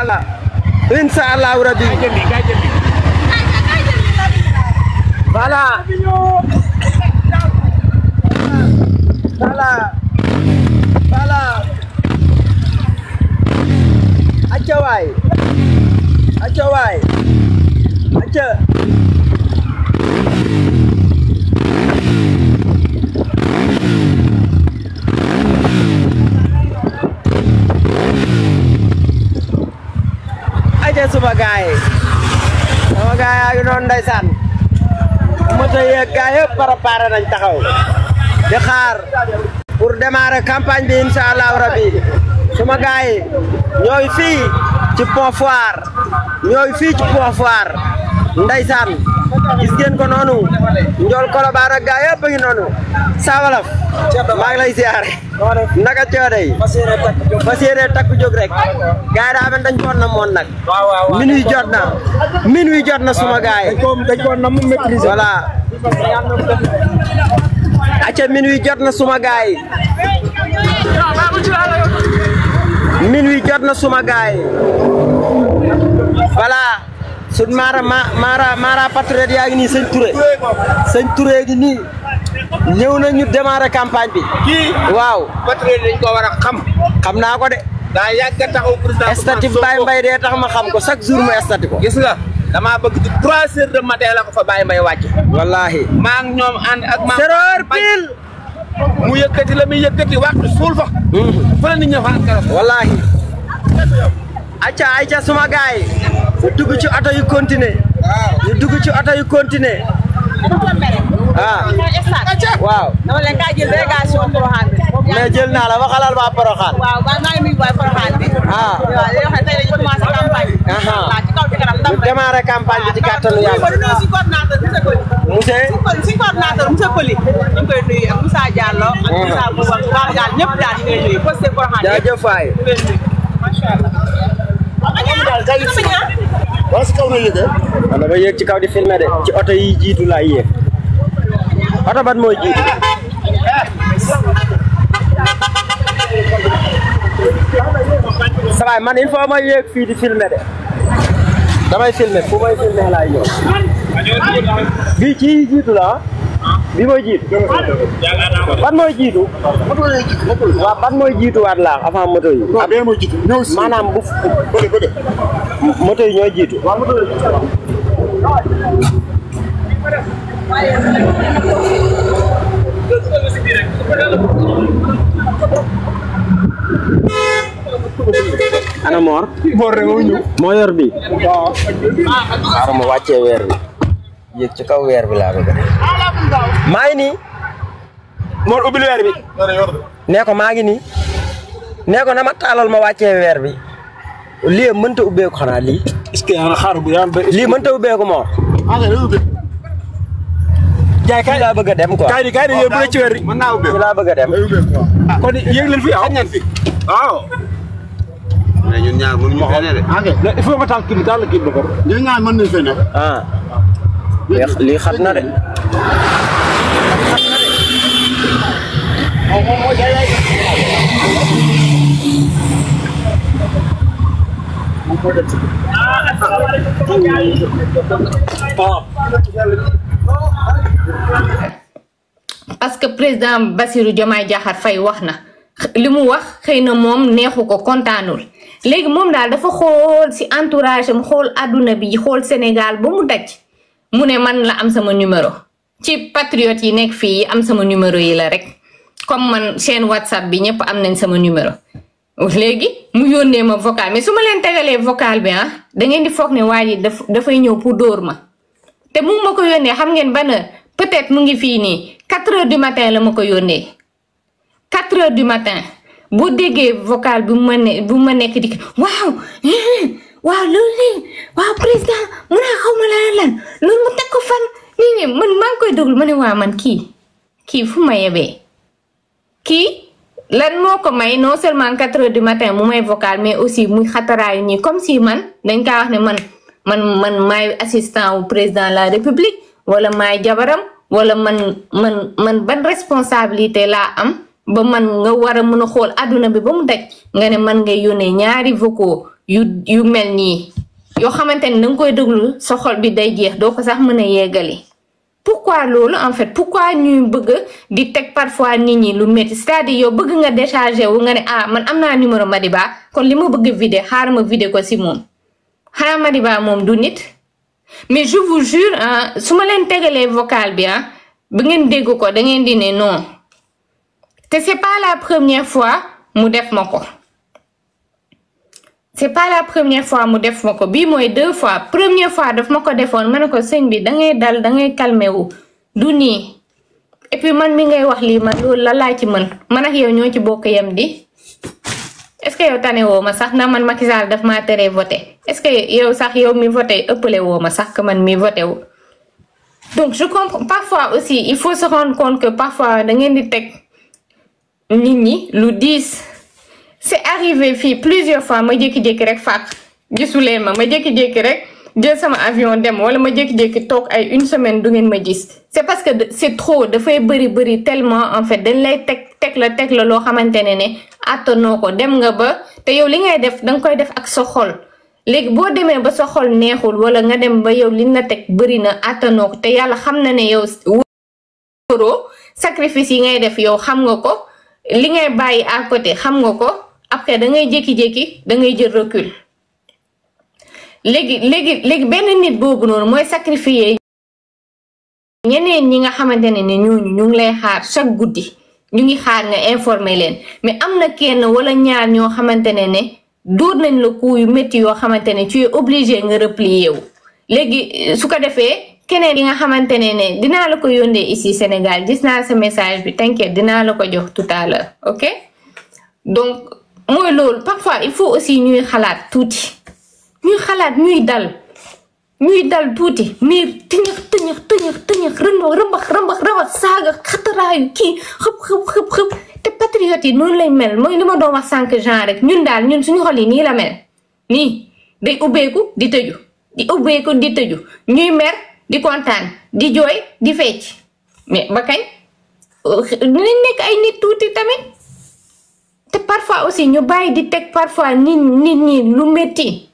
allah incha allahu rabi voilà voilà voilà acca waay acca waay acca suma gaay yi sama gaay yaa ngi noonu ndeysaan nañ taxaw di xaar pour démarrer campagne bi incha allahu rabi ñooy fii ci Pont Foire ñooy fii ci Pont Foire ndeysaan gis ko noonu Ndiol Colobane ak gaa yëpp a ngi noonu Sa Wolof maa ngi lay ziare naka coode yi fas yéene takku jóg rek gaa yi daa mel dañ koon na moon nag minuit jot na jot na suma gaa yi dañ koon na mu maîtriser voilà acca minuit jot na suma gaa yi minuit jot na suma gaa yi suñ maara maara maara patriote yaa ngi nii sëñ Touré sëñ Touré gi nii ñëw na ñu démarrer campagne bi. kii waaw patriote dañ ko war a xam. xam naa ko de. daa yàgg a taxaw président statut Baye Mbaye dee tax ma xam ko chaque jour ma statut ko. gis nga damaa bëgg di trois heures de matin la ko fa Baye Mbaye wàcc. wallaahi. maa ngi ñoom ànd ak. maa ngi pile. mu yëkkati la muy yëkkati waxtu suul fa. Hmm. fa la nit suma gaay ñu dugg ci oto yu continuer ñu ci oto yu continuer ah waaw. dama jël naa la waxalal waa Porokhane. waaw ah. ah. man maa ngi nuyu waa Porokhane bi. ah waaw Ah? waaw si kaw na yëgee. waaw ah. dama yëg ci kaw di filmé de oto yi jiitu laa yëg oto ban mooy jiitu. salaay man il faut ma yëg fii di filmé de damay filmé fu may filmé laay ñëw bii ci jiitu la bii mooy jiitu. ban mooy jiitu. moto yooyu jiitu moto yi. waaw ban mooy jiituwaat laa avant moto yi. non bee mooy jiitu ñëw si maanaam bu. bële bële. moto yi ñooy jiitu. moo ñëw. moo yor bi. waaw. xaaral ma wàccee weer bi yéeg ci kaw weer moor ubbil weer bi nee ko maa ngi nii nee ko na ma taalal ma wàccee weer bi lii mënta ubbeeku xanaa lii est-ce que yaa xaar bu yaa mënta ubbeeku moor ah, jaay kaay laa bëgg dem ko kaay di kaay di yéen ci weer bi mën laa bëgg a dem ah. kon yéeg leen fi aw ah. fi waaw mais ñun ñaar mënuñu fee ne de il faut nga taal kii taal la kii bi ba ñaar mën nañu fee ne ah lii xat na de parce que président basiru Diomaye Diakhar fay wax na li mu wax xëy na moom neexu ko kontaanul léegi moom daal dafa xool ci entourage am xool àdduna bi xool Sénégal ba mu daj mu ne man la am sama numéro ci patriote yi nekk fii am sama numéro yi la rek comme man seen whatsapp bi ñëpp am nañ sama numéro léegi mu yónnee ma vocal mais su ma leen tegalee vocal bi ah da ngeen di foog ni waa ji daf dafay ñëw pour dóor ma te mu ma ko yónnee xam ngeen ban heure peut-être mu ngi fii nii 4 heures du la ma ko yónnee 4 heures du matin boo déggee vocal ma nekk di waaw waaw loolu léegi waaw président mu naa xaw ma lan lan mu teg ko fan. nii man maa ngi koy déglu ma ne waa man kii kii fu ma yebee kii lan moo ko may non seulement quatre heures du matin mu may vocal mais aussi muy xataraayu nii comme si man dañ kaa wax ne man man man maay assistant wu président de la république wala may jabaram wala man man man ban responsabilité laa am ba man nga war a mën a xool àdduna bi ba mu daj nga ne man nga yónnee ñaari vocaux yu mel nii yoo xamante ni da koy déglu sa xol bi day jeex doo ko sax mën a yeggali pourquoi loolu en fait pourquoi ñuy bëgg di teg parfois nit ñi lu metti cest yow bëgg nga décharger wu nga ne ah man am naa numéro Madiba kon li ma bëgg vidé xaar ma vidé ko si moom xanaa Madiba moom du nit mais je vous jure ah, su ma leen tegalee vocal bi ah bi ngeen dégg ko da ngeen di ne non te c'est pas la première fois mu def ma ko. c' est pas la première fois mu def ma ko bi mooy deux fois première fois daf ma ko defoon ma ne ko sëñ bi da ngay dal da ngay calmé du nii et man mi ngay wax lii man loolu la laa ci man ak yow ñoo ci bokk yem di est ce que yow tane woo ma sax na man Macky Sall daf maa teree voté est ce que yow sax yow mi voté ëppale woo ma sax que man mi voté wu. donc je comprends parfois aussi il faut se rendre compte que parfois da ngeen di teg nit ñi lu diis. c'est arrivé fii plusieurs fois ma jékki-jékki rek fàq gisuleen ma ma jékki-jékki rek jël sama avion dem wala ma jékki-jékki toog ay une semaine du ngeen ma gis c'est parce que c'est trop dafay bëri bëri tellement en fait dañ lay teg teg la teg la loo xamante ne ne àttanoo ko dem nga ba te yow li ngay def danga koy def ak sa xol léegi boo demee ba sa xol neexul wala nga dem ba yow li na teg bëri na àttanoo ko te yàlla xam na ne yow wóoroo sacrifice yi ngay def yow xam nga ko li ngay bàyyi à xam nga ko après dangay ngay jékki-jékki da ngay jël recul léegi léegi benn nit boobu noonu mooy sacrifier ñeneen ñi nga xamante ne ne ñooñu ñu ngi lay xaar chaque guddi ñu ngi xaar nga informer leen mais am na kenn wala ñaar ñoo xamante ne ne dóor nañ la coup yu métti yoo xamante ne tu es obligé nga replier wu léegi su ko defee keneen yi nga xamante ne ne dinaa la ko yóndee ici Sénégal gis naa sa message bi t'inquiète dinaa la ko jox tout ok donc mooy loolu parfois il faut aussi ñuy xalaat tuuti ñuy xalaat ñuy dal ñuy dal tuuti mais tëñëx tëñëx tëñëx tëñëx rëmbax rëmbax rëmbax saaga xataraayu kii xëp xëp xëp te patriote yi noonu lay mel mooy li ma doon wax sànq genre rek ñun daal ñun suñu xol yi nii la mel nii day ubbeeku di tëju di ubbeeku di tëju ñuy mer di kontaan di jooy di fecc mais ba kay euh, dinañ nekk ay nit tuuti tamit te parfois aussi ñu bàyyi di teg parfois ni nit ñi lu métti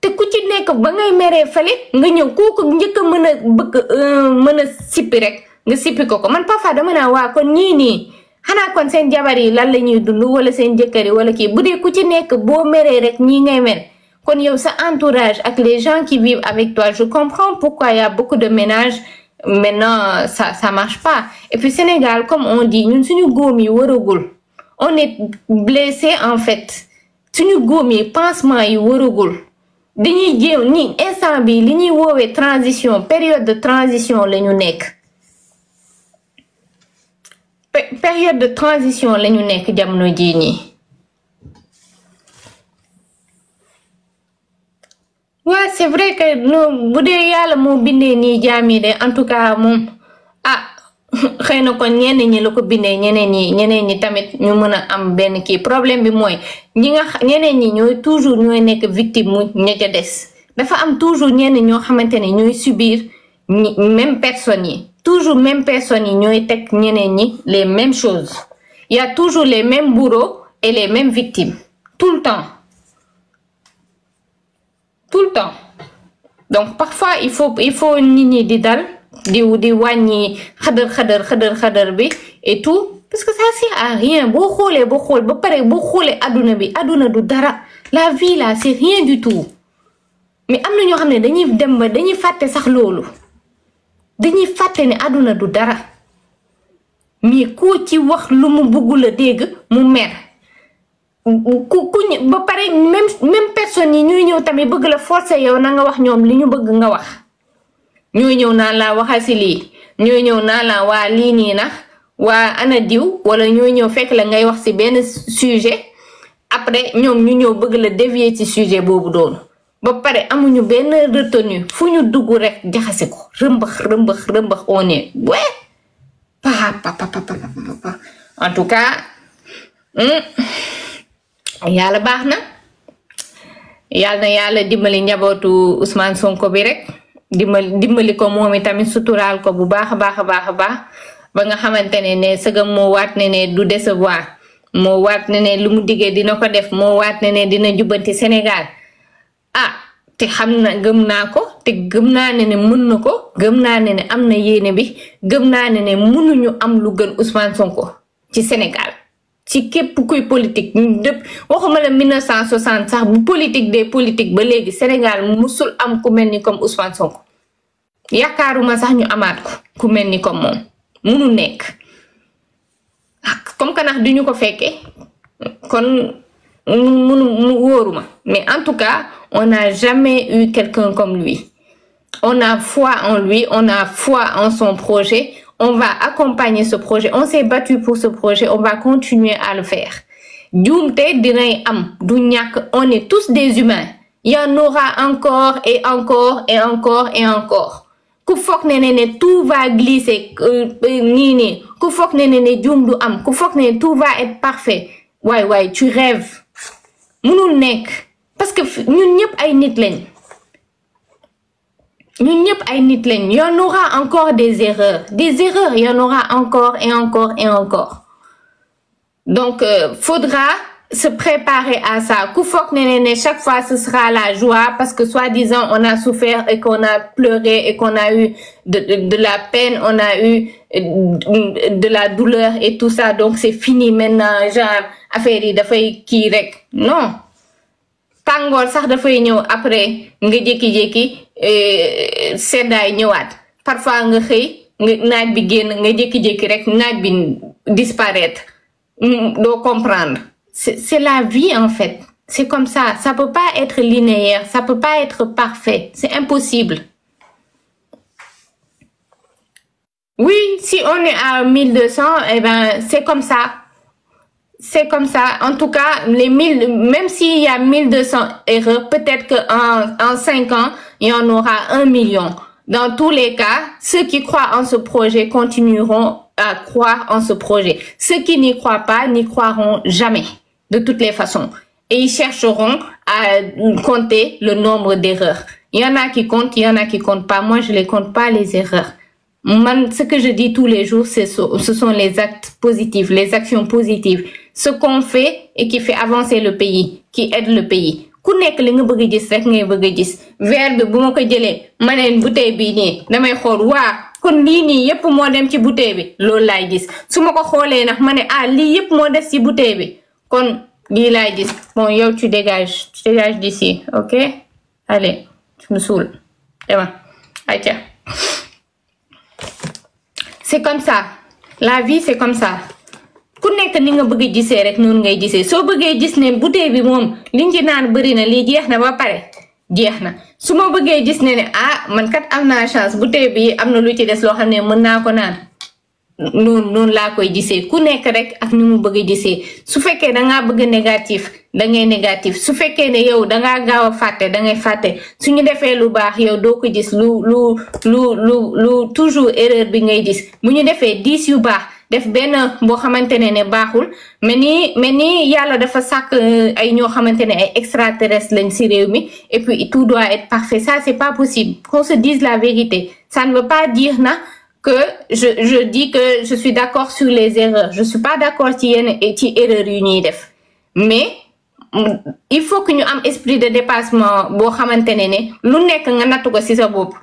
te ku ci nekk ba ngay meree fale nga ñëw kooku njëkk a mën a bëgg euh, mën a sippi rek nga sippi ko ko man parfois dama naa waa kon ñii nii xanaa kon seen jabar yi lan la ñuy dund wala seen jëkkër yi wala kii bu dee ku ci nekk boo meree rek ñii ngay mer kon yow sa entourage ak les gens qui vivent avec toi je comprends pourquoi y beaucoup de ménages maintenant sa ça marche pas et Sénégal comme on dit ñun suñu góom yi waragul on est blessé en fait suñu góom yi pansement yi waragul dañuy jéem ni instant bi li ñuy woowee transition période de transition lañu nekk période de transition jii nii waaw c'est vrai que non bu dee yàlla moo bindee nii jaam yi de en tout cas moom xëy na kon ñenn ñi la ko bindee ñeneen ñi ñeneen ñi tamit ñu mën a am benn kii problème bi mooy ñi nga ñeneen ñi ñooy toujours ñooy nekk victime mu ña ca des dafa am toujours ñenn ñoo xamante ne ñooy subir ñi même personnes yi toujours même personnes yi ñooy teg ñeneen ñi les mêmes choses y a toujours les mêmes bourreaux et les mêmes victimes tout le temps tout le temps donc parfois il faut il ñi di dal. diw di wàññi xadar xadar xadar xadar bi et tout parce que ça sert à rien boo xoolee boo xool ba pare boo xoolee àdduna bi àdduna du dara la vie là c'est rien du tout mais am na ñoo xam ne dañuy dem ba dañuy fàtte sax loolu dañuy fàtte ni adduna du dara mais koo ci wax lu mu bëggul a dégg mu mer ku kuñ ba pare même même personne yi ñuy ñëw tamit bëgg la forcer yow na nga wax ñoom li ñu bëgg nga wax ñooy ñëw naan laa waxal si lii ñooy ñëw naan laa waa lii nii na waa ana diw wala ñooy ñëw fekk la ngay wax si benn sujet après ñoom ñu ñëw bëgg la dévier ci sujet boobu doonu ba pare amuñu benn retenue fu ñu dugg rek jaxase ko rëmbax rëmbax rëmbax on est ouais pa en tout cas hmm, yàlla baax na yàlla na yàlla dimbali njabootu Ousmane Sonko bi rek. dimbali dimbali ko moom itamit suturaal ko bu baax a baax a baax a baax ba nga xamante ne ne sëgam moo waat ne ne du décevoir moo waat ne ne lu mu diggee dina ko def moo waat ne ne dina jubbanti Sénégal ah te xam na gëm naa ko te gëm naa ne ne mën na ko gëm naa ne ne am na yéene bi gëm naa ne ne mënuñu am lu gën Ousmane Sonko ci Sénégal ci képp kuy politique dëpp waxuma la 1960 sax bu politique des politiques ba léegi Sénégal musul am ku mel ni comme Ousmane Sonko yaakaaruma sax ñu amaat ko ku mel ni comme moom munu nekk ah, comme que nax duñu ko fekkee kon munu mu wóoruma mais en tout cas on n'a jamais eu quelqu'un comme lui on a foi en lui on a foi en son projet on va accompagner ce projet on s'est battu pour ce projet on va continuer à le faire juumte dinay am du ñàkk on est tous des humains il y aura encore et encore et encore et encore ku foog ne ne ne tout va glisser euh, euh, nii nii ku foog ne ne ne juum du am ku foog ne tout va être parfait waay waay tu rêves mënul nekk parce que ñun ñëpp ay nit lañ ñun ñëpp ay nit lañ y en aura encore des erreurs des erreurs y en aura encore et encore et encore donc euh, faudra se préparer à ça ku foog ne ne chaque fois ce sera la joie parce que soi-disant on a souffert et qu'on a pleuré et qu'on a eu de, de, de la peine on a eu de, euh, de la douleur et tout ça donc c'est fini maintenant genre affaire yi dafay kii rek non tàngoor sax dafay ñëw après nga jékki-jékki euh, seddaay ñëwaat parfois nga xëy nga naaj bi génn nga jékki-jékki rek naaj bi disparaître mm, doo comprendre c'est la vie en fait c'est comme ça ça peut pas être linéaire ça peut pas être parfait c'est impossible oui si on est à eh c'est comme ça c'est comme ça. En tout cas, les 1000, même s'il y a 1200 erreurs, peut-être qu'en en 5 ans, il y aura 1 million. Dans tous les cas, ceux qui croient en ce projet continueront à croire en ce projet. Ceux qui n'y croient pas n'y croiront jamais, de toutes les façons. Et ils chercheront à compter le nombre d'erreurs. Il y en a qui comptent, il y en a qui les compte pas, les erreurs. Moi, ce que je dis tous les jours, ce sont les actes positifs, les actions positives. ce qu'on fait et qui fait avancer le pays qui aide le pays ku nekk li nga bëgg a gis rek ngay bëgg a gis verre bi bu ma ko jëlee ma neen bouteille bii nii damay xool waa kon lii nii yépp moo dem ci bouteille bi loolu laay gis su ma ko xoolee nag ma ne ah lii yépp moo des ci bouteille bi kon lii laay gis bon yow tu dégages tu dégages d'ici ok allez tu me saoules dama ayca c'est comme ça la vie c'est comme ça ku nekk ni nga bëgg gisee rek noonu ngay gisee soo bëggee gis ne bouteille bi moom liñ ci naan bëri na lii jeex na ba pare jeex na su ma bëggee gis ne ne ah man am naa chance bouteille bi am na lu ci des loo xam ne mën naa ko naan noonu noonu laa koy gisee ku nekk rek ak ni mu bëgg gisee su fekkee dangaa bëgg négatif dangay négatif su fekkee ne yow dangaa gaaw a fàtte dangay fàtte suñu defee lu baax yow doo ko gis lu lu lu toujours erreur bi ngay gis mu ñu defee dix yu baax def benn boo xamante ne ne baaxul mais ni mais ni yàlla dafa sàkk euh, ay ñoo xamante ne ay extraterrestre lañ si réew mi et puis tout doit être parfait ça c'est pas possible qu'on se dise la vérité ça ne veut pas dire na que je je dis que je suis d'accord sur les erreurs je suis pas d'accord ci yenn ci erreur yu ñuy def mais mm, il faut que ñu am esprit de dépassement boo xamante ne ne lu nekk nga nattu ko si sa bopp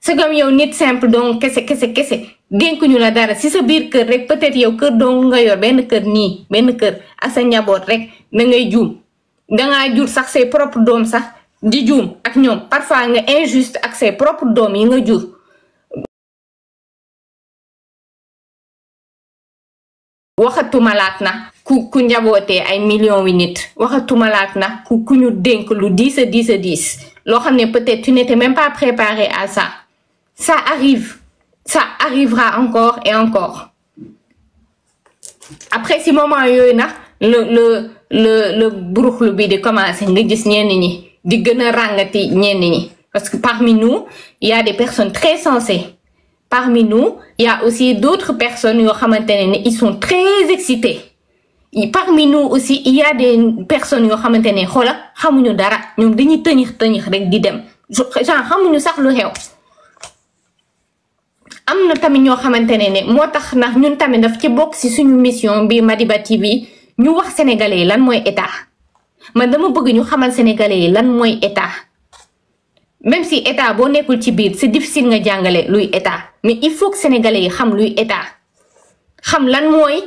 c'est comme yow nit simple donc kese kese kese dénkuñu la dara si sa biir kër rek peut yow kër dong nga yor benn kër nii benn kër a sa njaboot rek da ngay juum dangaa jur sax say propre doom sax di juum ak ñoom parfois nga injuste ak say propre doom yi nga jur waxatumalaat na ku ku njabootee ay millions wi nit waxatumalaat na ku ku ñu dénk lu diis a diis a diis loo xam ne peut-être tu n'étais même pas préparé à ça Ça arrive. Ça arrivera encore et encore. Après si moment yooyu nag le le le le buruxlu bi di commencer nga gis ñenn ñi di gën a ràngati ñenn ñi parce que parmi nous il y a personnes très sensées parmi nous il y aussi d'autres personnes yoo xamante ne il ils sont très excités parmi nous aussi ya y a des personnes yoo xamante ne xoola xamuñu dara ñoom dañuy tëñëx tëñëx rek di dem genre xamuñu sax lu xew. am na tamit ñoo xamante ne ne moo tax ndax ñun tamit daf ci bokk si suñu mission bi Madiba TV ñu wax sénégalais yi lan mooy état man dama bëgg ñu xamal sénégalais yi lan mooy état même si état boo nekkul ci biir c'est nga jàngale luy état mais il faut que sénégalais yi xam luy état xam lan mooy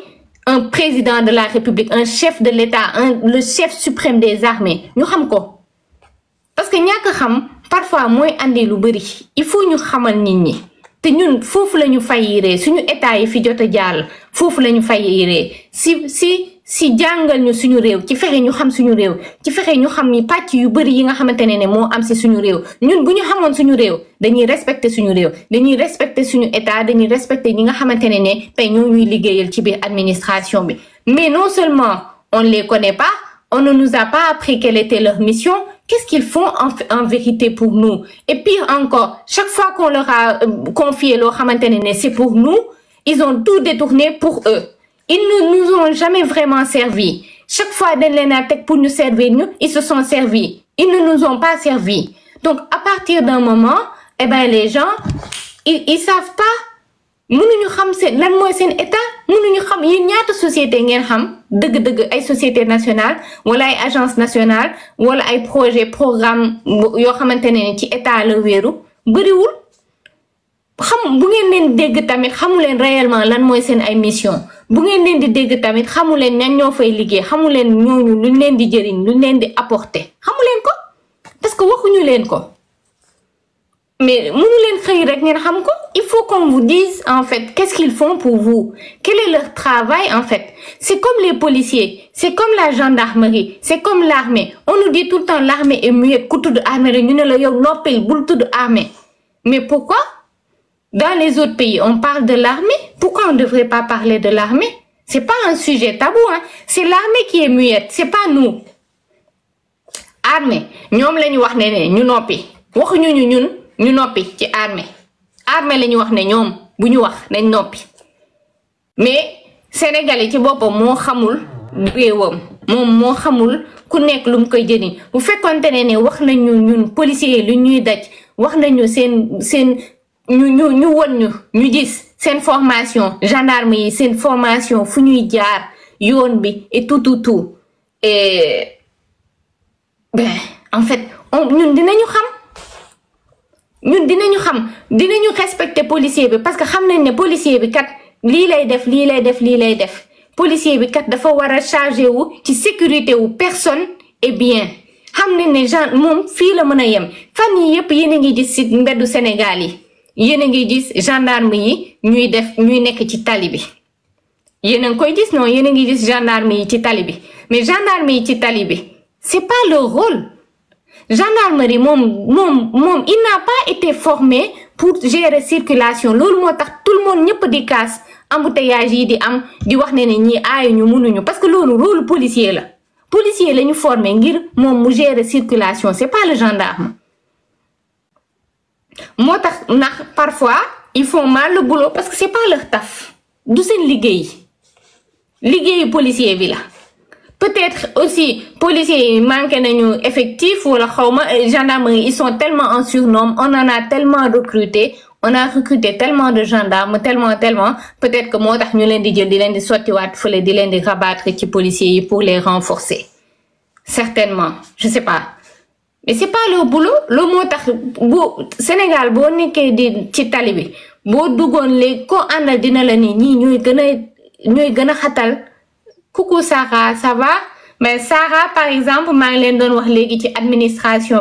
un président de la république un chef de l'état un le chef suprême des armées ñu xam ko parce que ñàkk xam parfois mooy indee lu bëri il faut ñu xamal nit ñi. te ñun foofu la ñu fayiree suñu état yi fi jot a jàll foofu la ñu fayiree si si si jàngal ñu suñu réew ci fexe ñu xam suñu réew ci fexe ñu xam ni pàcc yu bëri yi nga xamante ne ne moo am si suñu réew ñun bu ñu xamoon suñu réew dañuy respecté suñu réew dañuy respecté suñu état dañuy respecté ñi nga xamante ne ne tey ñoo ñuy liggéeyal ci biir administration bi mais non seulement on les connaît pas on ne nous a pas appris quelle était leur mission qu'est-ce qu'ils font en, en, vérité pour nous Et pire encore, chaque fois qu'on leur a euh, confié leur Hamantenene, c'est pour nous, ils ont tout détourné pour eux. Ils ne nous ont jamais vraiment servi. Chaque fois d'Enlenatek pour nous servir, nous, ils se sont servis. Ils ne nous ont pas servi. Donc, à partir d'un moment, eh ben, les gens, ils, ils savent pas ñu xam seen lan mooy seen état ñu xam yéen ñaata société ngeen xam dëgg-dëgg ay société nationale wala ay agence nationale wala ay projet programme yoo xamante ne ci état la wéeru bëriwul xam bu ngeen leen dégg tamit xamu leen réellement lan mooy seen ay mission bu ngeen leen di dégg tamit xamu leen ñan ñoo fay liggéey xamu leen ñooñu luñ leen di jëriñ luñ leen di apporter xamu leen ko parce que waxuñu leen ko mais mënu leen xëy rek ngeen xam ko il faut qu'on vous dise en fait qu'est-ce qu'ils font pour vous quel est leur travail en fait c'est comme les policiers c'est comme la gendarmerie c'est comme l'armée on nous dit tout le temps l'armée est muette ku tudd armée rek ñu ne la yow noppil bul tudd mais pourquoi dans les autres pays on parle de l'armée pourquoi on ne devrait pas parler de l'armée c'est pas un sujet tabou hein c'est l'armée qui est muette c'est pas nous armée ñoom la wax ne ñu noppi ñu noppi ci armée armée la wax ne ñoom bu ñu wax nañ noppi mais sénégalais ci boppam moo xamul réewam moom moo xamul ku nekk lu mu koy jëni bu fekkonte ne ne wax nañu ñun policier lu ñuy daj wax nañu seen seen ñu ñu ñu won ñu ñu gis seen formation gendarme yi seen formation fu ñuy jaar yoon bi et tout tout tout ben en fait ñun dinañu xam ñun dinañu xam dinañu respecter policier bi parce que xam nañ ne policier bi kat lii lay def lii lay def lii lay def policier bi kat dafa war a chargé wu ci sécurité wu personne et bien xam nañ ne genre moom fii la mën a yem fan yi yëpp yéen a ngi gis si mbeddu Sénégal yi yéen a ngi gis gendarmi yi ñuy def ñuy nekk ci tali bi yéen a ngi koy gis non yéen a ngi gis gendarme yi ci tali bi mais gendarme yi ci tali bi c'est pas leur rôle gendarmerie moom moom moom il n'a pas été formé pour gérer circulation loolu moo tax tout le monde ñëpp di kaas embouteillage yi di am di wax ne ne ñii aayuñu mënuñu parce que loolu rôle policier la policier la ñu formé ngir moom mu gérer circulation c'est pas le gendarme moo tax ndax parfois ils font mal le parce que c'est pas leur taf du seen liggéey liggéeyu policier bi la peut-être aussi policiers yi manqué nañu effectif wala xawma euh, gendarmerie ils sont tellement en surnombre on en a tellement recruté on a recruté tellement de gendarmes tellement tellement peut-être que moo tax ñu leen di jël di leen di sottiwaat fële di leen di rabattre ci policiers yi pour les renforcer certainement je sais pas mais c'est pas leur boulot loolu moo tax bu Sénégal boo nekkee di ci tali bi boo duggoon léegi ko àndal dina la ni ñii ñooy gën ñooy gën a xatal coucou Sarah ça va mais Sarah par exemple maa ngi leen doon wax léegi ci administration